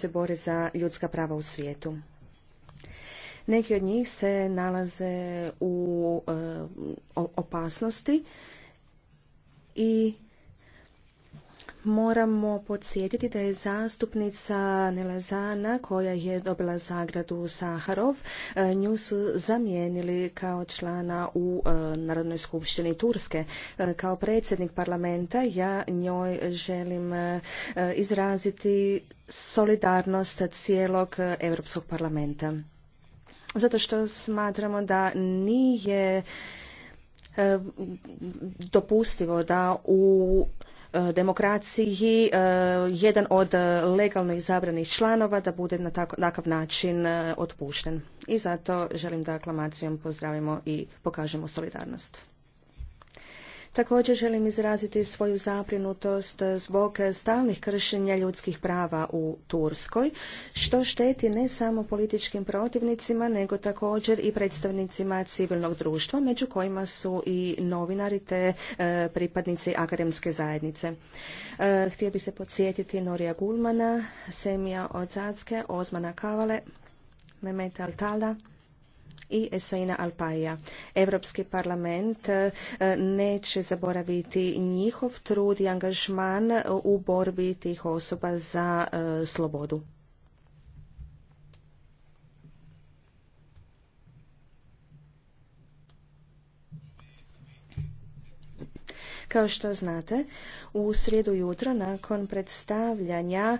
se bore za ljudska prava u svijetu. Neki od njih se nalaze u e, opasnosti i Moramo podsjetiti da je zastupnica Nelazana koja je dobila zagradu Saharov, e, nju su zamijenili kao člana u e, Narodnoj skupštini Turske. E, kao predsjednik parlamenta ja njoj želim izraziti solidarnost cijelog Europskog parlamenta. Zato što smatramo da nije dopustivo da u Eh, demokraciji eh, jedan od eh, legalno izabranih članova da bude na takav način otpušten. I zato želim da aklamacijom pozdravimo i pokažemo solidarnost. Također želim izraziti svoju zaprinutost zbog stalnih kršenja ljudskih prava u Turskoj, što šteti ne samo političkim protivnicima, nego također i predstavnicima civilnog društva, među kojima su i novinari te e, pripadnici akademske zajednice. E, htio bi se podsjetiti Norija Gulmana, Semija Odzacke, Ozmana Kavale, Memeta Altala, i Esaina Alpaja. Europski parlament e, neće zaboraviti njihov trud i angažman u borbi tih osoba za e, slobodu. Kao što znate, u srijedu jutro nakon predstavljanja